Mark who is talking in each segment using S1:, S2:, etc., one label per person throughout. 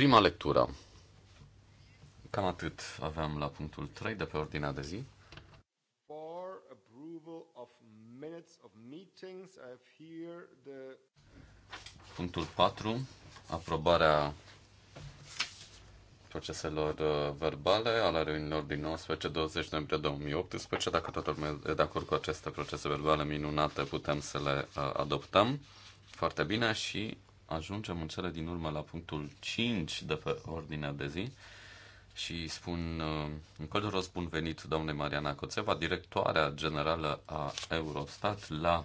S1: Prima lectură. Cam atât aveam la punctul 3 de pe ordinea de zi. Punctul 4. Aprobarea proceselor uh, verbale ale reuniunilor din 19-20 noiembrie 2018. Dacă toată lumea e de acord cu aceste procese verbale minunate, putem să le uh, adoptăm. Foarte bine și ajungem în cele din urmă la punctul 5 de pe ordinea de zi și spun în uh, călduros bun venit doamne Mariana Coțeva, directoarea generală a Eurostat la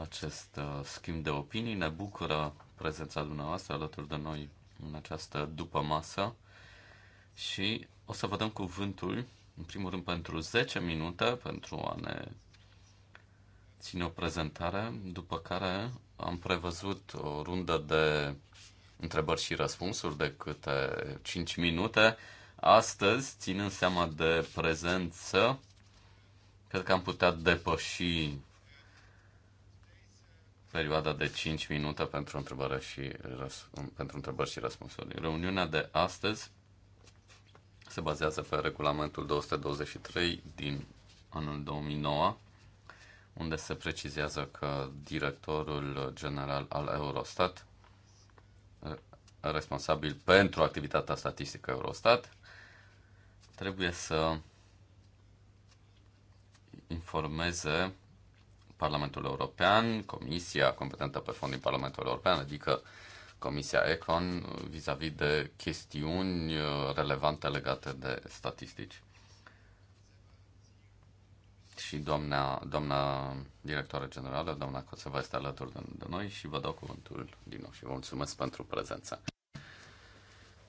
S1: acest uh, schimb de opinii. Ne bucură prezența dumneavoastră alături de noi în această după masă și o să vă dăm cuvântul, în primul rând, pentru 10 minute, pentru a ne ține o prezentare, după care am prevăzut o rundă de întrebări și răspunsuri de câte 5 minute. Astăzi, ținând seama de prezență, cred că am putea depăși perioada de 5 minute pentru, întrebări și pentru întrebări și răspunsuri. Reuniunea de astăzi se bazează pe regulamentul 223 din anul 2009 unde se precizează că directorul general al Eurostat, eh, responsabil pentru activitatea statistică Eurostat, trebuie să informeze Parlamentul European, Comisia competentă pe fond din Parlamentul European, adică Comisia Econ, vis-a-vis -vis de chestiuni eh, relevante legate de statistici și doamna, doamna directoră generală, doamna Coțeva, este alături de, de noi și vă dau cuvântul din nou și vă mulțumesc pentru prezența.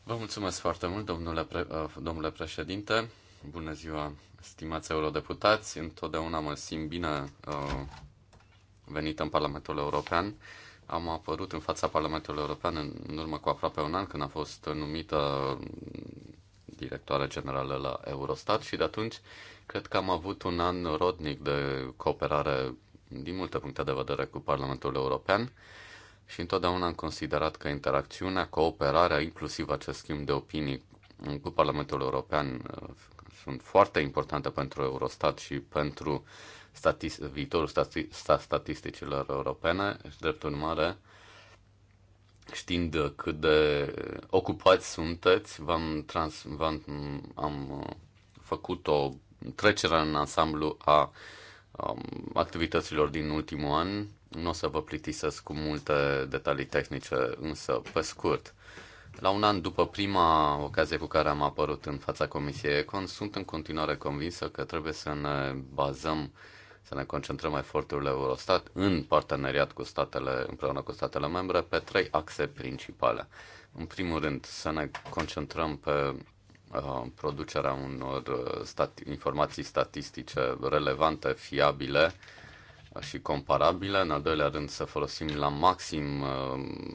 S1: Vă mulțumesc foarte mult, domnule, pre, uh, domnule președinte. Bună ziua, stimați eurodeputați. Întotdeauna mă simt bine uh, venit în Parlamentul European. Am apărut în fața Parlamentului European în urmă cu aproape un an, când a fost numită directoare generală la Eurostat și de atunci cred că am avut un an rodnic de cooperare din multe puncte de vedere cu Parlamentul European și întotdeauna am considerat că interacțiunea, cooperarea, inclusiv acest schimb de opinii cu Parlamentul European uh, sunt foarte importante pentru Eurostat și pentru statist- viitorul stati- statisticilor europene și, drept urmare, știind cât de ocupați sunteți, v-am trans, v-am, am uh, făcut o trecere în ansamblu a um, activităților din ultimul an. Nu o să vă plictisesc cu multe detalii tehnice, însă pe scurt. La un an după prima ocazie cu care am apărut în fața Comisiei Econ, sunt în continuare convinsă că trebuie să ne bazăm uh, să ne concentrăm eforturile Eurostat în parteneriat cu statele, împreună cu statele membre, pe trei axe principale. În primul rând, să ne concentrăm pe uh, producerea unor uh, stati- informații statistice relevante, fiabile și comparabile. În al doilea rând, să folosim la maxim uh,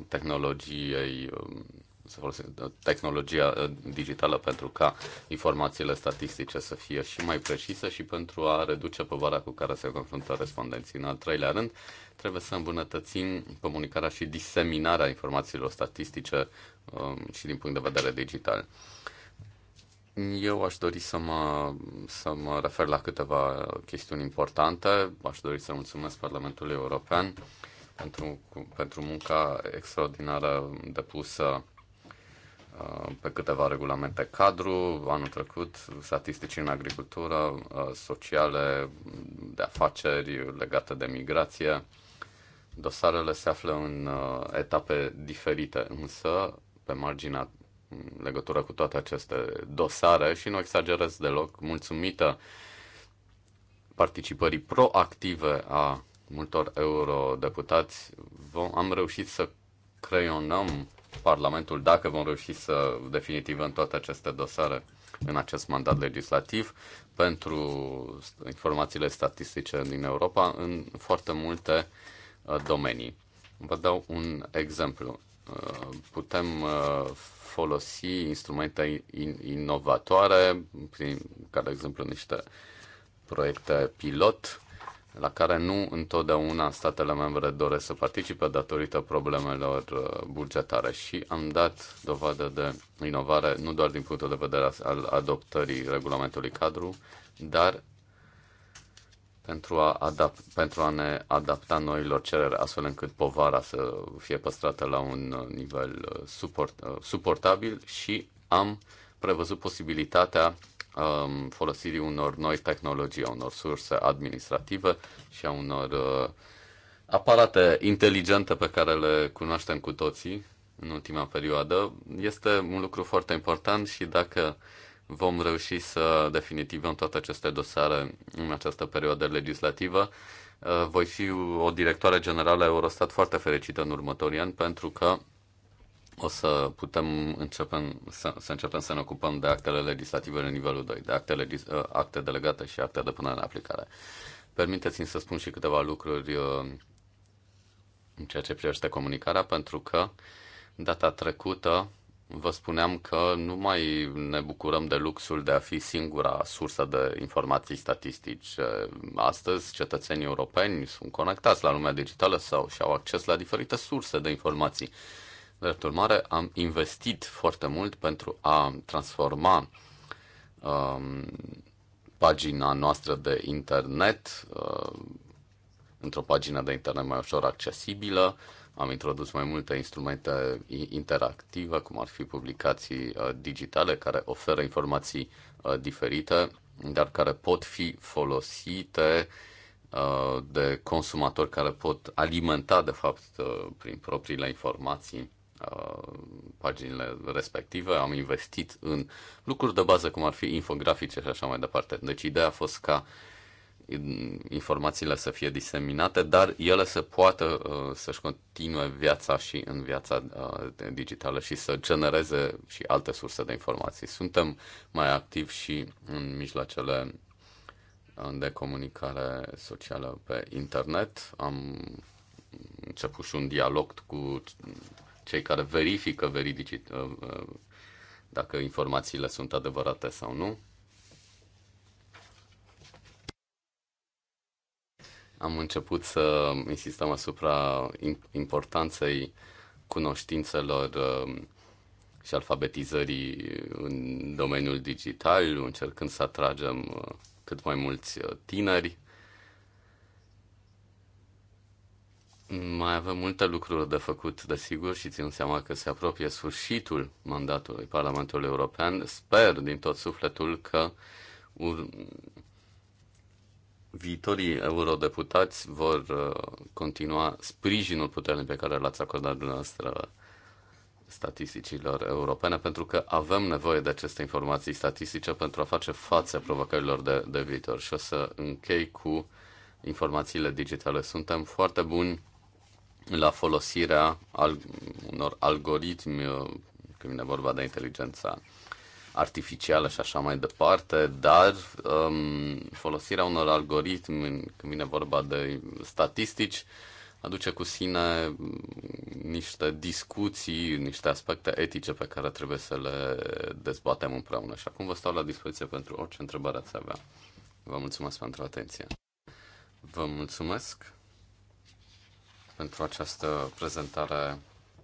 S1: tehnologiei uh, să folosim uh, tehnologia uh, digitală pentru ca informațiile statistice să fie și mai precise și pentru a reduce povara cu care se confruntă respondenții. În al treilea rând, trebuie să îmbunătățim comunicarea și diseminarea informațiilor statistice um, și din punct de vedere digital. Eu aș dori să mă, să mă refer la câteva chestiuni importante. Aș dori să mulțumesc Parlamentului European pentru, pentru munca extraordinară depusă Uh, pe câteva regulamente cadru. Anul trecut, statistici în agricultură, uh, sociale, de afaceri legate de migrație. Dosarele se află în uh, etape diferite, însă pe marginea legătură cu toate aceste dosare și nu exagerez deloc, mulțumită participării proactive a multor eurodeputați, vom, am reușit să creionăm Parlamentul dacă vom reuși să definitivăm toate aceste dosare în acest mandat legislativ pentru informațiile statistice din Europa în foarte multe uh, domenii. Vă dau un exemplu. Uh, putem uh, folosi instrumente inovatoare, prin, ca de exemplu niște proiecte pilot la care nu întotdeauna statele membre doresc să participe datorită problemelor uh, bugetare și am dat dovadă de inovare nu doar din punctul de vedere al adoptării regulamentului cadru, dar pentru a, adap- pentru a ne adapta noilor cereri, astfel încât povara să fie păstrată la un nivel uh, suport, uh, suportabil și am prevăzut posibilitatea um, folosirii unor noi tehnologii, a unor surse administrative și a unor uh, aparate inteligente pe care le cunoaștem cu toții în ultima perioadă, este un lucru foarte important și dacă vom reuși să definitivăm toate aceste dosare în această perioadă legislativă, uh, voi fi o directoare generală a Eurostat foarte fericită în următorii ani pentru că o să putem în, să, să începem să ne ocupăm de actele legislative la nivelul 2, de actele, ă, acte delegate și acte de punere în aplicare. Permiteți-mi să spun și câteva lucruri ă, în ceea ce privește comunicarea, pentru că data trecută vă spuneam că nu mai ne bucurăm de luxul de a fi singura sursă de informații statistici. Ă, astăzi, cetățenii europeni sunt conectați la lumea digitală sau și au acces la diferite surse de informații Drept urmare, am investit foarte mult pentru a transforma um, pagina noastră de internet uh, într-o pagină de internet mai ușor accesibilă. Am introdus mai multe instrumente interactive, cum ar fi publicații uh, digitale, care oferă informații uh, diferite, dar care pot fi folosite uh, de consumatori care pot alimenta, de fapt, uh, prin propriile informații Uh, paginile respective, am investit în lucruri de bază cum ar fi infografice și așa mai departe. Deci ideea a fost ca informațiile să fie diseminate, dar ele să poată uh, să-și continue viața și în viața uh, digitală și să genereze și alte surse de informații. Suntem mai activi și în mijloacele de comunicare socială pe internet. Am început și un dialog cu cei care verifică veridici, uh, uh, dacă informațiile sunt adevărate sau nu. Am început să insistăm asupra importanței cunoștințelor uh, și alfabetizării în domeniul digital, încercând să atragem cât mai mulți tineri Mai avem multe lucruri de făcut, desigur, și țin seama că se apropie sfârșitul mandatului Parlamentului European. Sper din tot sufletul că ur- viitorii eurodeputați vor uh, continua sprijinul puternic pe care l-ați acordat dumneavoastră statisticilor europene, pentru că avem nevoie de aceste informații statistice pentru a face față provocărilor de, de viitor. Și o să închei cu informațiile digitale. Suntem foarte buni la folosirea al, unor algoritmi uh, când vine vorba de inteligența artificială și așa mai departe, dar um, folosirea unor algoritmi când vine vorba de statistici aduce cu sine mm, niște discuții, niște aspecte etice pe care trebuie să le dezbatem împreună. Și acum vă stau la dispoziție pentru orice întrebare ați avea. Vă mulțumesc pentru atenție. Vă mulțumesc pentru această prezentare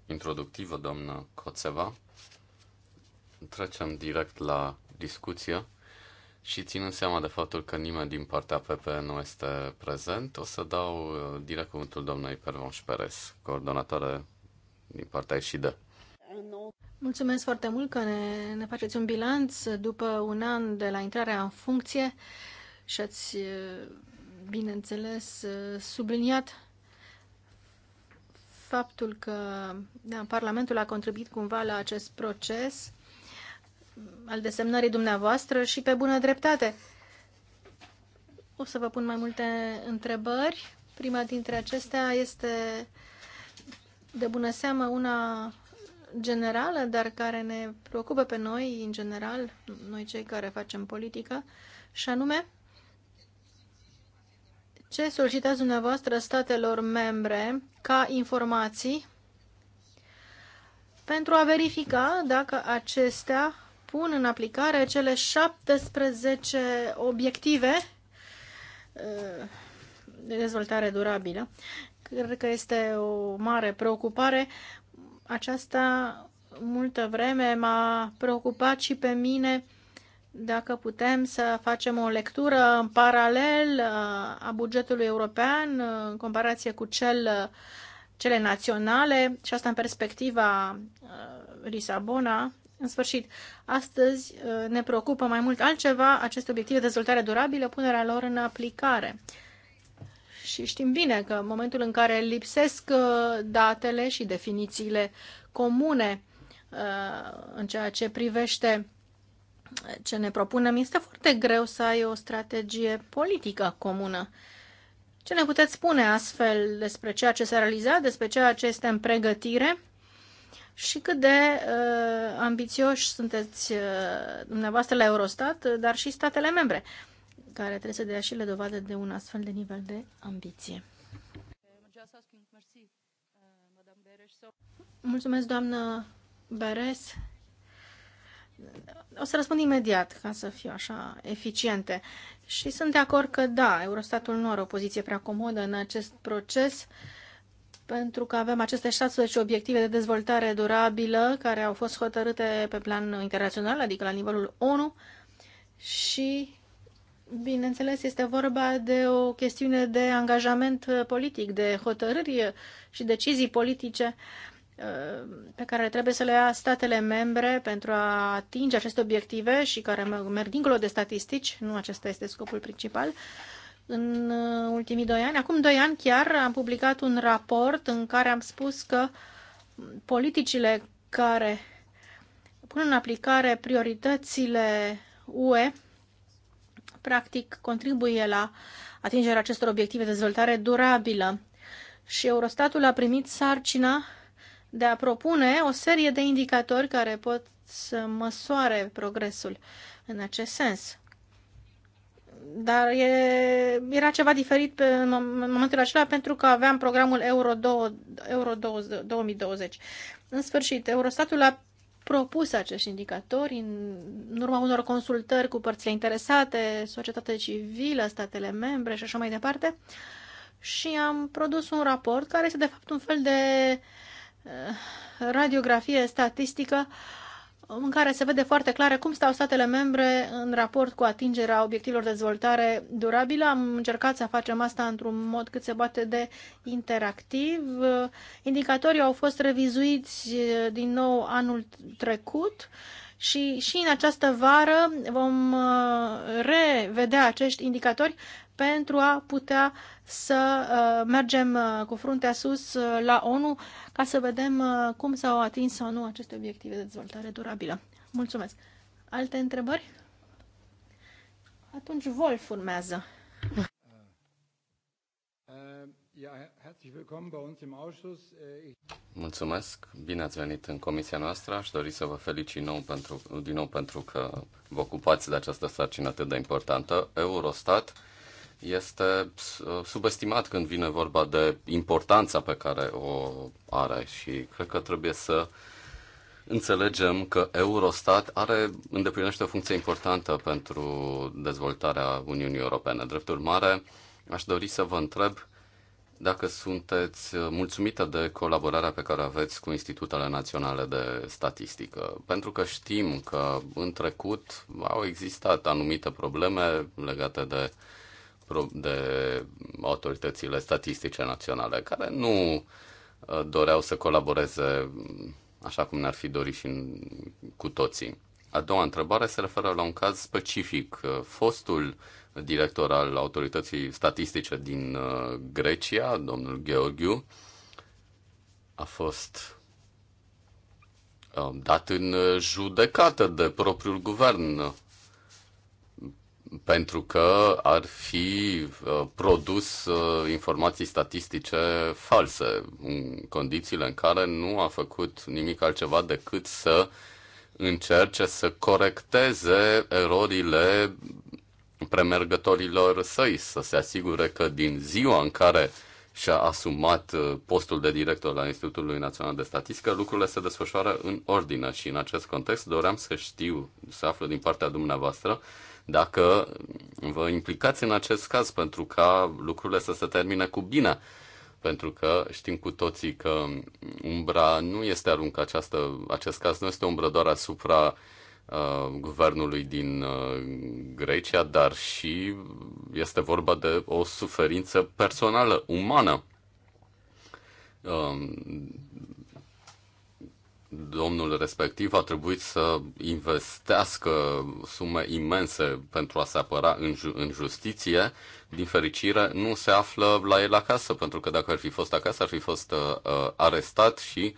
S1: introductivă, doamnă Coțeva. Trecem direct la discuție și ținând seama de faptul că nimeni din partea PP nu este prezent, o să dau uh, direct cuvântul doamnei Pervonș Perez, coordonatoare din partea SID.
S2: Mulțumesc foarte mult că ne, ne faceți un bilanț după un an de la intrarea în funcție și ați, uh, bineînțeles, uh, subliniat faptul că da, Parlamentul a contribuit cumva la acest proces al desemnării dumneavoastră și pe bună dreptate. O să vă pun mai multe întrebări. Prima dintre acestea este de bună seamă una generală, dar care ne preocupă pe noi în general, noi cei care facem politică, și anume ce solicitați dumneavoastră statelor membre ca informații pentru a verifica dacă acestea pun în aplicare cele 17 obiective uh, de dezvoltare durabilă. Cred că este o mare preocupare. Aceasta multă vreme m-a preocupat și pe mine dacă putem să facem o lectură în paralel uh, a bugetului european uh, în comparație cu cel, uh, cele naționale și asta în perspectiva Lisabona. În sfârșit, astăzi ne preocupă mai mult altceva aceste obiective de dezvoltare durabilă, punerea lor în aplicare. Și știm bine că în momentul în care lipsesc datele și definițiile comune în ceea ce privește ce ne propunem, este foarte greu să ai o strategie politică comună. Ce ne puteți spune astfel despre ceea ce s-a realizat, despre ceea ce este în pregătire și cât de uh, ambițioși sunteți uh, dumneavoastră la Eurostat, uh, dar și statele membre, care trebuie să dea și le dovadă de un astfel de nivel de ambiție. Mulțumesc, doamnă Beres. O să răspund imediat, ca să fiu așa eficiente. Și sunt de acord că, da, Eurostatul nu are o poziție prea comodă în acest proces, pentru că avem aceste 16 obiective de dezvoltare durabilă care au fost hotărâte pe plan internațional, adică la nivelul ONU, și Bineînțeles, este vorba de o chestiune de angajament politic, de hotărâri și decizii politice. Uh, Uh, pe care trebuie să le ia statele membre pentru a atinge aceste obiective și care merg dincolo de statistici, nu acesta este scopul principal, în uh, ultimii doi ani. Acum doi ani chiar am publicat un raport în care am spus că politicile care pun în aplicare prioritățile UE practic contribuie la atingerea acestor obiective de dezvoltare durabilă. Și Eurostatul a primit sarcina de a propune o serie de indicatori care pot să măsoare progresul în acest sens. Dar e, era ceva diferit pe, în momentul acela pentru că aveam programul Euro, 2, Euro 2020. În sfârșit, Eurostatul a propus acești indicatori în, în urma unor consultări cu părțile interesate, societatea civilă, statele membre și așa mai departe. Și am produs un raport care este de fapt un fel de uh, Eh, radiografie statistică în care se vede foarte clar cum stau statele membre în raport cu atingerea obiectivelor de dezvoltare durabilă. Am încercat să facem asta într-un mod cât se poate de interactiv. Indicatorii au fost revizuiți eh, din nou anul trecut și, și în această vară vom eh, revedea acești indicatori pentru a putea să uh, mergem uh, cu fruntea sus uh, la ONU ca să vedem cum s-au atins sau nu aceste obiective de dezvoltare durabilă. Mulțumesc! Alte întrebări? Atunci Wolf urmează.
S1: Mulțumesc, bine ați venit în comisia noastră. Aș dori să vă felicit nou pentru, din nou pentru că vă ocupați de această sarcină atât de importantă. Eurostat este uh, subestimat când vine vorba de importanța pe care o are și cred că trebuie să înțelegem că Eurostat are, îndeplinește o funcție importantă pentru dezvoltarea Uniunii Europene. Drept urmare, aș dori să vă întreb dacă sunteți mulțumită de colaborarea pe care aveți cu Institutele Naționale de Statistică, pentru că știm că în trecut au existat anumite probleme legate de uh, de autoritățile statistice naționale, care nu uh, doreau să colaboreze mm, așa cum ne-ar fi dorit și cu toții. A doua întrebare se referă la un caz specific. Uh, fostul director al autorității statistice din uh, Grecia, domnul Gheorghiu, a fost dat în judecată de propriul guvern pentru că ar fi uh, produs uh, informații statistice false, în condițiile în care nu a făcut nimic altceva decât să încerce să corecteze erorile premergătorilor săi, să se asigure că din ziua în care și-a asumat uh, postul de director la Institutul Național de Statistică, lucrurile se desfășoară în ordine și în acest context doream să știu, să aflu din partea dumneavoastră, dacă vă implicați în acest caz pentru ca lucrurile să se termine cu bine. Pentru că știm cu toții că umbra nu este aruncă această, acest caz nu este umbră doar asupra uh, guvernului din uh, Grecia, dar și este vorba de o suferință personală, umană. Uh, domnul respectiv a trebuit să investească sume imense pentru a se apăra în, ju- în justiție. Din fericire, nu se află la el acasă, pentru că dacă ar fi fost acasă, ar fi fost uh, arestat și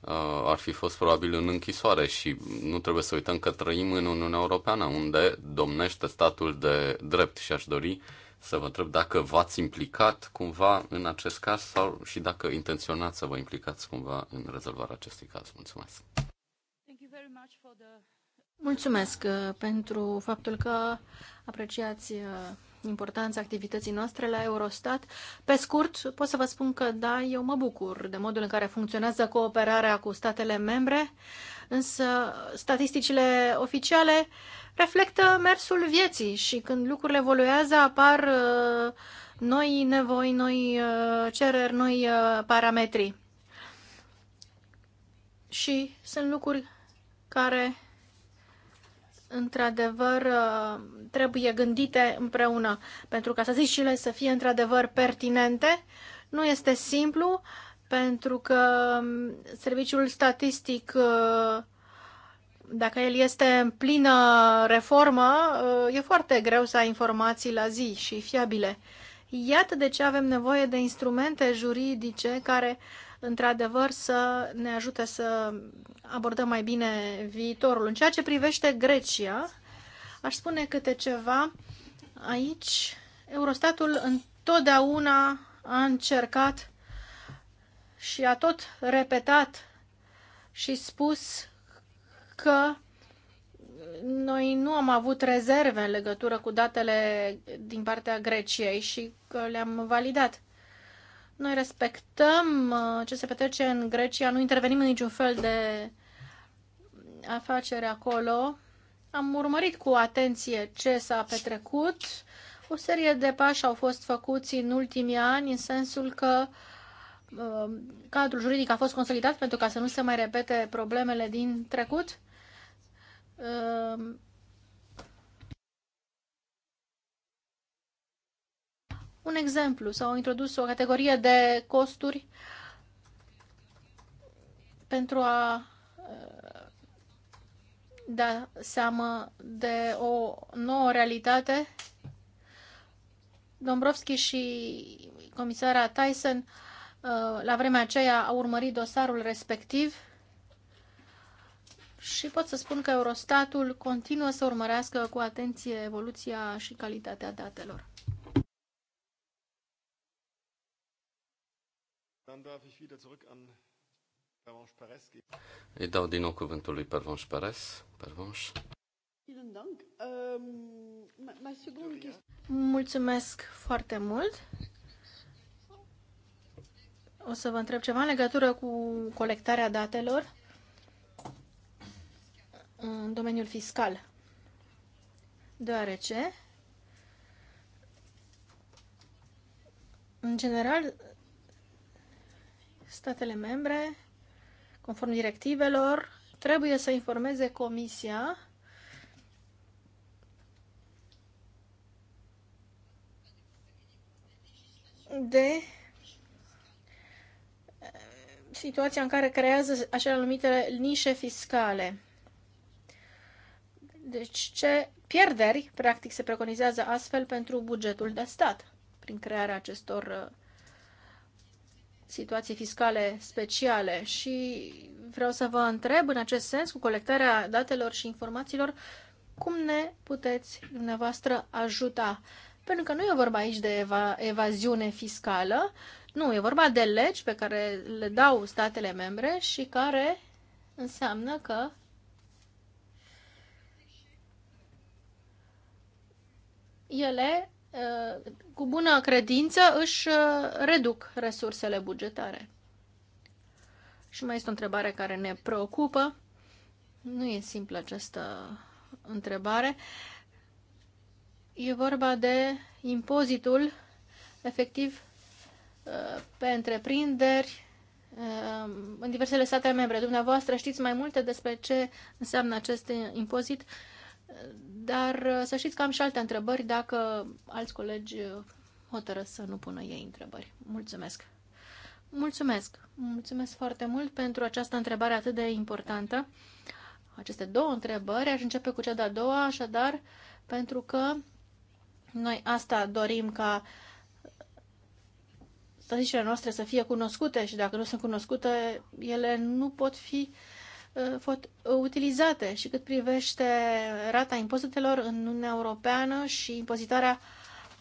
S1: uh, ar fi fost probabil în închisoare. Și nu trebuie să uităm că trăim în Uniunea Europeană, unde domnește statul de drept și aș dori să vă întreb dacă v-ați implicat cumva în acest caz sau și dacă intenționați să vă implicați cumva în rezolvarea acestui caz. Mulțumesc!
S2: Mulțumesc uh, pentru faptul că apreciați uh, importanța activității noastre la Eurostat. Pe scurt, pot să vă spun că da, eu mă bucur de modul în care funcționează cooperarea cu statele membre. Uh, însă statisticile oficiale reflectă mersul vieții și când lucrurile evoluează apar uh, noi nevoi, noi uh, cereri, noi uh, parametri. Și sunt lucruri care într-adevăr trebuie gândite împreună pentru ca să zicile să fie într-adevăr pertinente. Nu este simplu, pentru că mm, serviciul statistic, uh, dacă el este în plină reformă, uh, e foarte greu să ai informații la zi și fiabile. Iată de ce avem nevoie de instrumente juridice care, într-adevăr, să ne ajute să abordăm mai bine viitorul. În ceea ce privește Grecia, aș spune câte ceva. Aici, Eurostatul întotdeauna a încercat și a tot repetat și spus că noi nu am avut rezerve în legătură cu datele din partea Greciei și că le-am validat. Noi respectăm uh, ce se petrece în Grecia, nu intervenim în niciun fel de afacere acolo. Am urmărit cu atenție ce s-a petrecut. O serie de pași au fost făcuți în ultimii ani, în sensul că uh, Um, cadrul juridic a fost consolidat pentru ca să nu se mai repete problemele din trecut? Um, un exemplu, s-au introdus o categorie de costuri pentru a
S3: uh,
S2: da seama de o nouă realitate. Dombrovski și comisara Tyson uh, Uh, la vremea aceea a urmărit dosarul respectiv și pot să spun că Eurostatul continuă să urmărească cu atenție evoluția și calitatea datelor.
S1: Îi dau din nou cuvântul lui Pervonș Perez. Pervonș.
S2: Ähm, Mulțumesc foarte mult. O să vă întreb ceva în legătură cu colectarea datelor în domeniul fiscal, deoarece, în general, statele membre, conform directivelor, trebuie să informeze Comisia de situația în care creează așa numitele nișe fiscale. Deci ce pierderi, practic, se preconizează astfel pentru bugetul de stat prin crearea acestor uh, situații fiscale speciale și vreau să vă întreb în acest sens cu colectarea datelor și informațiilor cum ne puteți dumneavoastră ajuta pentru că nu e vorba aici de eva- evaziune fiscală, nu, e vorba de legi pe care le dau statele membre și care înseamnă că ele, uh, cu bună credință, își uh, reduc resursele bugetare. Și mai este o întrebare care ne preocupă. Nu e simplă această întrebare. E vorba de impozitul efectiv uh, pe întreprinderi uh, în diversele state membre. Dumneavoastră știți mai multe despre ce înseamnă acest impozit, dar uh, să știți că am și alte întrebări dacă alți colegi hotără să nu pună ei întrebări. Mulțumesc! Mulțumesc! Mulțumesc foarte mult pentru această întrebare atât de importantă. Aceste două întrebări, aș începe cu cea de-a doua, așadar, pentru că noi asta dorim ca statisticile noastre să fie cunoscute și dacă nu sunt cunoscute, ele nu pot fi uh, pot uh, utilizate și cât privește rata impozitelor în Uniunea Europeană și impozitarea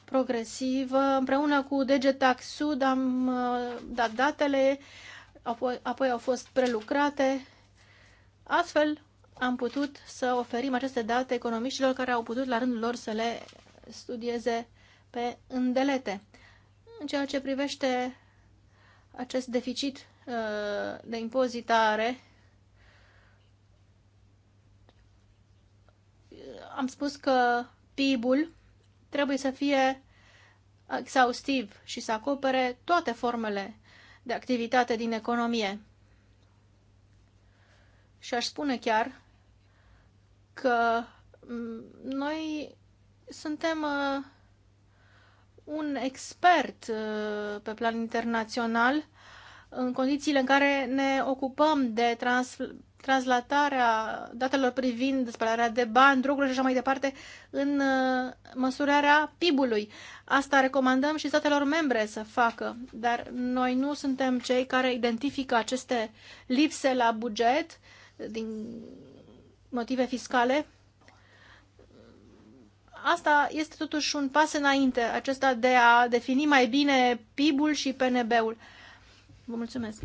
S2: progresivă. Împreună cu DGTAC Sud am uh, dat datele, apoi, apoi au fost prelucrate. Astfel am putut să oferim aceste date economiștilor care au putut la rândul lor să le studieze pe îndelete. În ceea ce privește acest deficit uh, de impozitare, am spus că PIB-ul trebuie să fie exhaustiv și să acopere toate formele de activitate din economie. Și aș spune chiar că mm, noi suntem uh, un expert uh, pe plan internațional în condițiile în care ne ocupăm de trans translatarea datelor privind spălarea de bani, droguri și așa mai departe în uh, măsurarea PIB-ului. Asta recomandăm și statelor membre să facă, dar noi nu suntem cei care identifică aceste lipse la buget din motive fiscale asta este totuși un pas înainte, acesta de a defini mai bine PIB-ul și PNB-ul. Vă mulțumesc!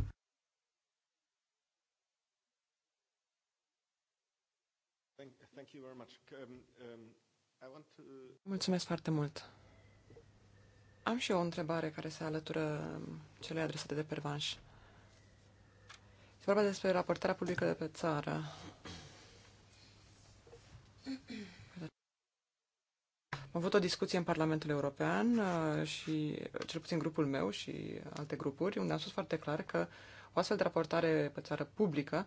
S2: Mulțumesc
S3: foarte mult! Am și eu o întrebare care se alătură celei adresate de pervanș. Se vorba despre raportarea publică de pe țară. Am avut o discuție în Parlamentul European uh, și, uh, cel puțin grupul meu și alte grupuri, unde am spus foarte clar că o astfel de raportare pe țară publică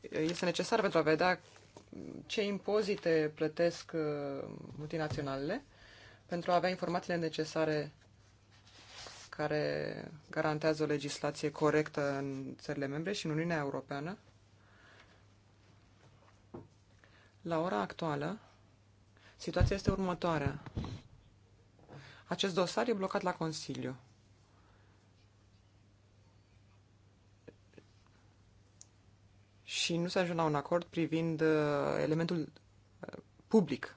S3: este necesară pentru a vedea ce impozite plătesc uh, multinaționalele, pentru a avea informațiile necesare care garantează o legislație corectă în țările membre și în Uniunea Europeană La ora actuală, situația este următoarea. Acest dosar e blocat la Consiliu. Și nu se ajunge la un acord privind uh, elementul uh, public.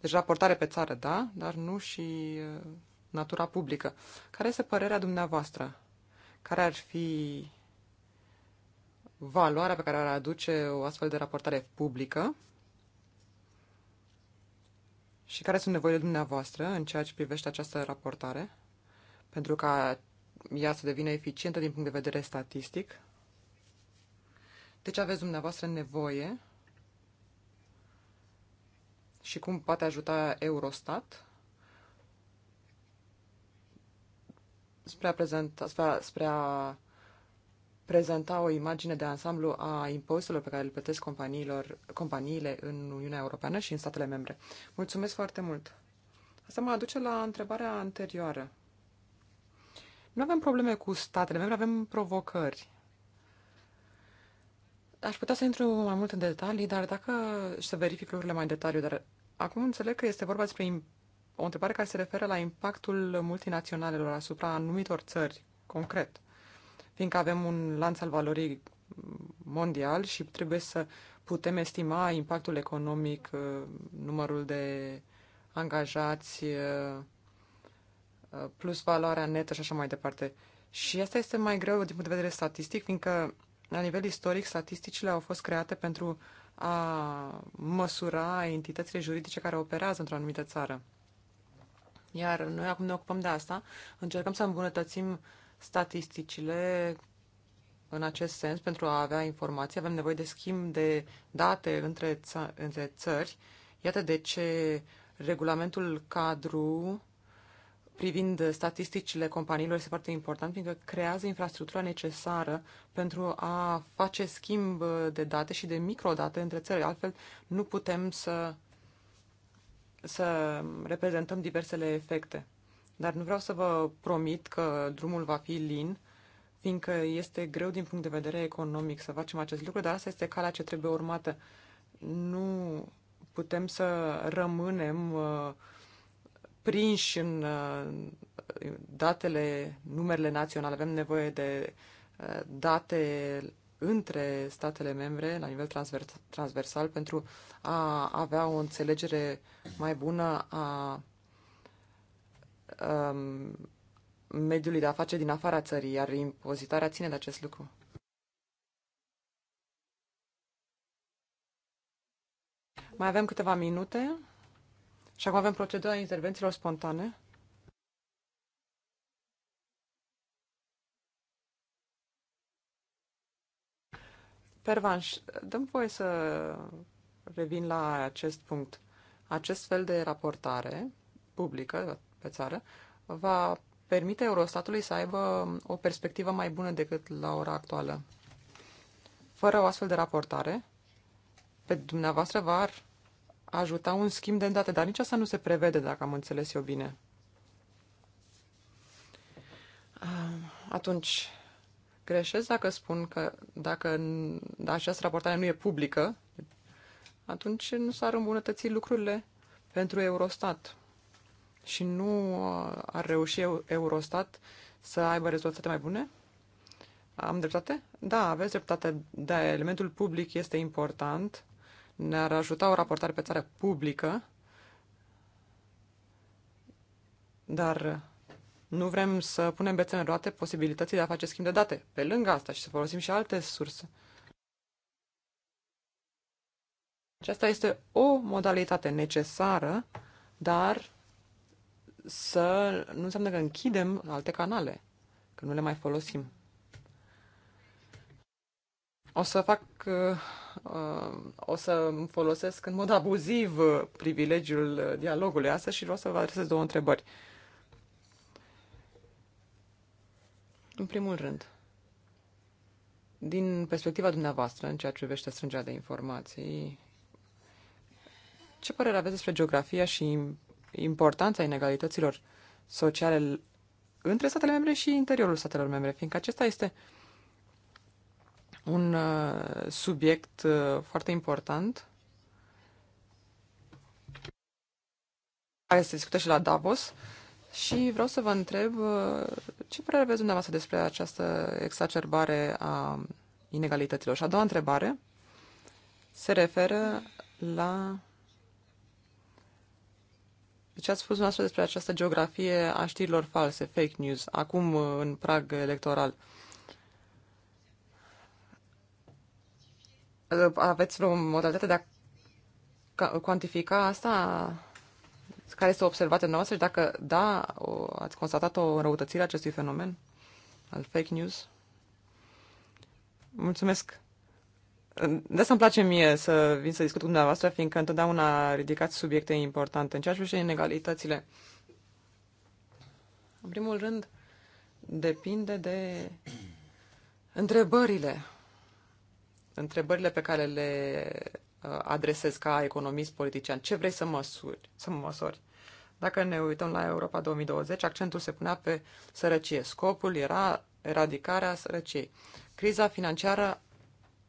S3: Deci raportare pe țară, da, dar nu și uh, natura publică. Care este părerea dumneavoastră? Care ar fi valoarea pe care ar aduce o astfel de raportare publică? și care sunt nevoile dumneavoastră în ceea ce privește această raportare, pentru ca ea să devină eficientă din punct de vedere statistic. Deci aveți dumneavoastră nevoie și cum poate ajuta Eurostat spre a, prezenta, spre a, spre a prezenta o imagine de ansamblu a impozitelor pe care le plătesc companiilor, companiile în Uniunea Europeană și în statele membre. Mulțumesc foarte mult! Asta mă aduce la întrebarea anterioară. Nu avem probleme cu statele membre, avem provocări. Aș putea să intru mai mult în detalii, dar dacă și să verific lucrurile mai în detaliu, dar acum înțeleg că este vorba despre o întrebare care se referă la impactul multinaționalelor asupra anumitor țări, concret fiindcă avem un lanț al valorii mondial și trebuie să putem estima impactul economic, uh, numărul de angajați, uh, uh, plus valoarea netă și așa mai departe. Și asta este mai greu din punct de vedere statistic, fiindcă la nivel istoric statisticile au fost create pentru a măsura entitățile juridice care operează într-o anumită țară. Iar noi acum ne ocupăm de asta, încercăm să îmbunătățim uh, statisticile în acest sens pentru a avea informații. Avem nevoie de schimb de date între, ță- între țări. Iată de ce regulamentul cadru privind statisticile companiilor este foarte important, fiindcă creează infrastructura necesară pentru a face schimb de date și de microdate între țări. Altfel, nu putem să, să reprezentăm diversele efecte. Dar nu vreau să vă promit că drumul va fi lin, fiindcă este greu din punct de vedere economic să facem acest lucru, dar asta este calea ce trebuie urmată. Nu putem să rămânem uh, prinși în uh, datele, numerele naționale. Avem nevoie de uh, date între statele membre la nivel transversal pentru a avea o înțelegere mai bună a um, mediului de afaceri din afara țării, iar impozitarea ține de acest lucru. Mai avem câteva minute și acum avem procedura intervențiilor spontane. Pervanș, dăm voie să revin la acest punct. Acest fel de raportare publică, pe țară, va permite Eurostatului să aibă o perspectivă mai bună decât la ora actuală. Fără o astfel de raportare, pe dumneavoastră va ar ajuta un schimb de date, dar nici asta nu se prevede, dacă am înțeles eu bine. Ah, atunci, greșesc dacă spun că dacă această raportare nu e publică, atunci nu s-ar îmbunătăți lucrurile pentru Eurostat și nu uh, ar reuși Eurostat să aibă rezultate mai bune? Am dreptate? Da, aveți dreptate. Da, elementul public este important. Ne-ar ajuta o raportare pe țară publică, dar nu vrem să punem bețe în roate posibilității de a face schimb de date, pe lângă asta și să folosim și alte surse. Aceasta este o modalitate necesară, dar să nu înseamnă că închidem alte canale, că nu le mai folosim. O să fac, uh, o să folosesc în mod abuziv uh, privilegiul uh, dialogului astăzi și vreau să vă adresez două întrebări. În primul rând, din perspectiva dumneavoastră, în ceea ce privește strângerea de informații, ce părere aveți despre geografia și importanța inegalităților sociale între statele membre și interiorul statelor membre, fiindcă acesta este un uh, subiect uh, foarte important care se discută și la Davos și vreau să vă întreb uh, ce părere aveți dumneavoastră despre această exacerbare a inegalităților. Și a doua întrebare se referă la deci ați spus noastră despre această geografie a știrilor false, fake news, acum uh, în prag electoral. Uh, aveți o modalitate de a cuantifica asta? Care este observată noastră și dacă da, o, ați constatat o răutățire a acestui fenomen al fake news? Mulțumesc! De asta îmi place mie să vin să discut cu dumneavoastră, fiindcă întotdeauna ridicați subiecte importante în ceea ce privește inegalitățile. În primul rând, depinde de întrebările. Întrebările pe care le uh, adresez ca economist politician. Ce vrei să măsuri? Să măsori? Dacă ne uităm la Europa 2020, accentul se punea pe sărăcie. Scopul era eradicarea sărăciei. Criza financiară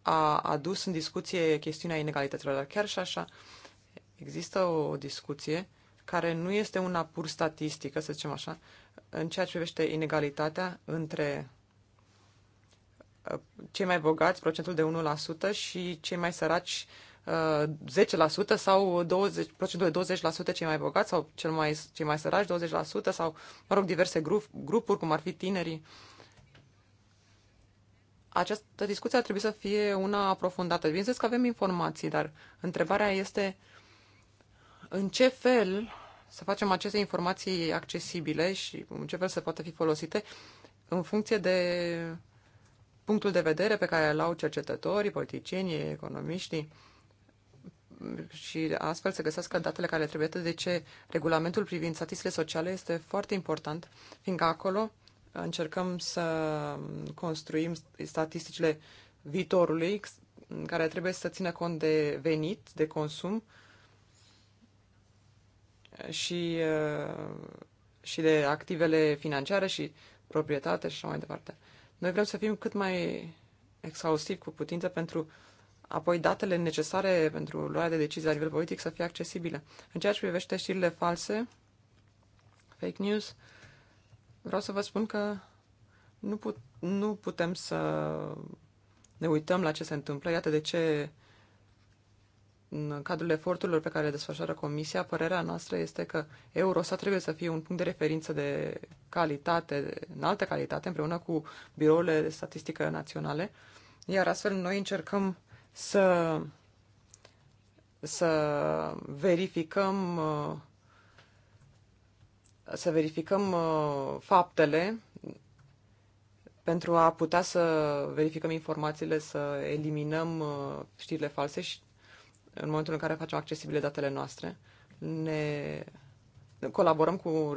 S3: a adus în discuție chestiunea inegalităților, dar chiar și așa există o discuție care nu este una pur statistică, să zicem așa, în ceea ce privește inegalitatea între uh, cei mai bogați, procentul de 1% și cei mai săraci 10% uh, sau 20, procentul de 20% cei mai bogați sau cel mai, cei mai săraci 20% sau, mă rog, diverse grup, grupuri, cum ar fi tinerii. Uh, această discuție ar trebui să fie una aprofundată. Bineînțeles că avem informații, dar întrebarea este în ce fel să facem aceste informații accesibile și în ce fel să poată fi folosite în funcție de punctul de vedere pe care îl au cercetătorii, politicienii, economiștii și astfel se găsească datele care trebuie. De ce regulamentul privind statisticile sociale este foarte important, fiindcă acolo încercăm să construim statisticile viitorului care trebuie să țină cont de venit, de consum și, uh, și de activele financiare și proprietate și așa mai departe. Noi vrem să fim cât mai exhaustivi cu putință pentru apoi datele necesare pentru luarea de decizii la nivel politic să fie accesibile. În ceea ce privește știrile false, fake news, uh, Vreau să vă spun că nu, put, nu putem să ne uităm la ce se întâmplă. Iată de ce, în cadrul eforturilor pe care le desfășoară Comisia, părerea noastră este că Eurostat trebuie să fie un punct de referință de calitate, de înaltă calitate, împreună cu birourile de statistică naționale. Iar astfel noi încercăm să, să verificăm uh, să verificăm uh, faptele pentru a putea să verificăm informațiile, să eliminăm uh, știrile false și în momentul în care facem accesibile datele noastre, ne colaborăm cu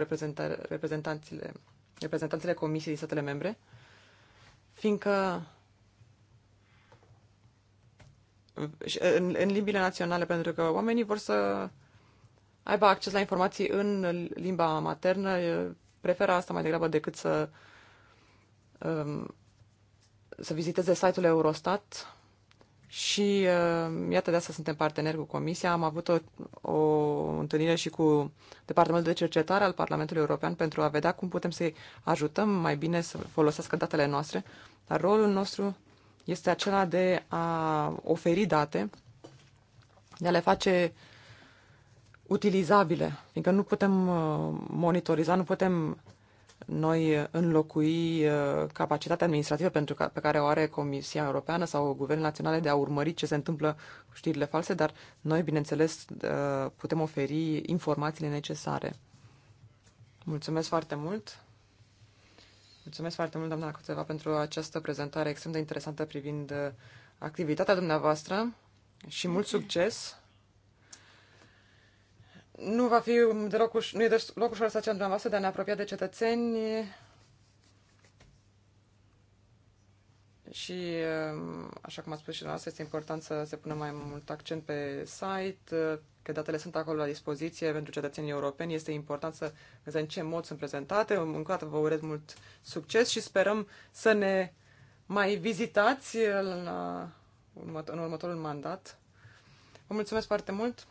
S3: reprezentanțile, reprezentanțile Comisiei din statele membre, fiindcă uh, în, în limbile naționale, pentru că oamenii vor să aibă acces la informații în limba maternă, preferă asta mai degrabă decât să, um, să viziteze site-ul Eurostat. Și um, iată, de asta suntem parteneri cu Comisia. Am avut o, o întâlnire și cu Departamentul de Cercetare al Parlamentului European pentru a vedea cum putem să-i ajutăm mai bine să folosească datele noastre. Dar rolul nostru este acela de a oferi date, de a le face uh, utilizabile, fiindcă nu putem uh, monitoriza, nu putem noi înlocui uh, capacitatea administrativă pentru ca, pe care o are Comisia Europeană sau Guvernul Naționale de a urmări ce se întâmplă cu știrile false, dar noi, bineînțeles, uh, putem oferi informațiile necesare. Mulțumesc foarte mult! Mulțumesc foarte mult, doamna Cuțeva, pentru această prezentare extrem de interesantă privind activitatea dumneavoastră și mult succes! nu va fi deloc uș- nu e deloc ușor să facem dumneavoastră de a ne apropia de cetățeni și, um, așa cum ați spus și dumneavoastră, este important să se pună mai mult accent pe site, că datele sunt acolo la dispoziție pentru cetățenii europeni. Este important să vedem în ce mod sunt prezentate. Încă o dată vă urez mult succes și sperăm să ne mai vizitați la în următorul mandat. Vă mulțumesc foarte mult!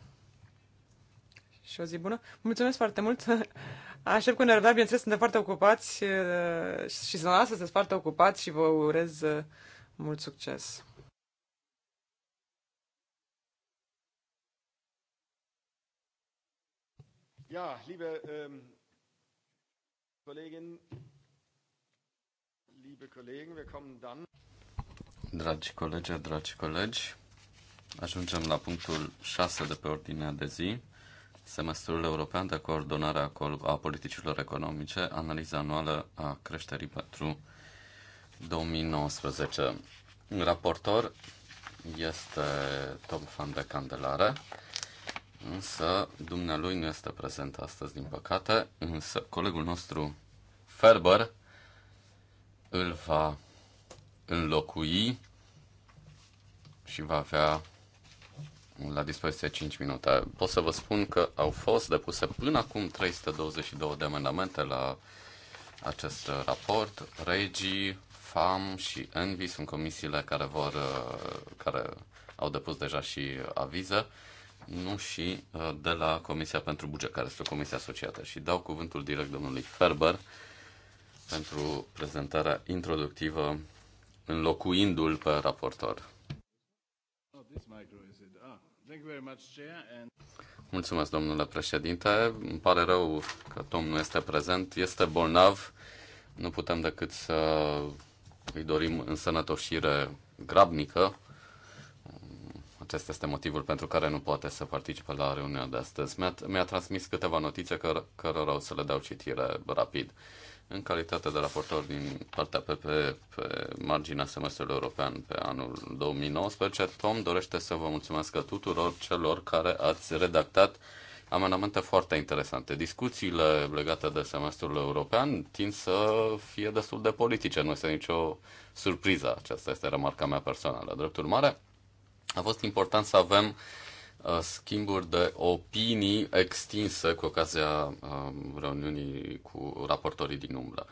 S3: și o zi bună. Mulțumesc foarte mult! Aștept cu nerăbdare, bineînțeles, suntem foarte ocupați uh, și să lasă, sunteți foarte ocupați și vă urez uh, mult succes! Ja, liebe ähm, Kolleginnen,
S2: liebe Kollegen, wir kommen dann.
S1: Dragi colegi, dragi colegi, ajungem la punctul 6 de pe ordinea de zi semestrul european de coordonare a politicilor economice, analiza anuală a creșterii pentru 2019. Raportor este Tom Fan de Candelare, însă dumnealui nu este prezent astăzi, din păcate, însă colegul nostru Ferber îl va înlocui și va avea la dispoziție 5 minute. Pot să vă spun că au fost depuse până acum 322 de amendamente la acest raport. Regii, FAM și ENVI sunt comisiile care vor, care au depus deja și avize, nu și de la Comisia pentru Buget, care este o comisie asociată. Și dau cuvântul direct domnului Ferber pentru prezentarea introductivă, înlocuindu-l pe raportor.
S3: Oh,
S1: Mulțumesc, domnule președinte. Îmi pare rău că Tom nu este prezent. Este bolnav. Nu putem decât să îi dorim însănătoșire grabnică. Acesta este motivul pentru care nu poate să participe la reuniunea de astăzi. Mi-a, mi-a transmis câteva notițe căr- cărora o să le dau citire rapid. Uh, în calitate de raportor din partea PP pe marginea semestrului european pe anul 2019, Tom dorește să vă mulțumesc tuturor celor care ați redactat amendamente foarte interesante. Discuțiile legate de semestrul european tind să fie destul de politice, nu este nicio surpriză. Aceasta este remarca mea personală. Drept urmare, a fost important să avem uh, Uh, schimburi de opinii extinse cu ocazia um, reuniunii cu raportorii din umbră.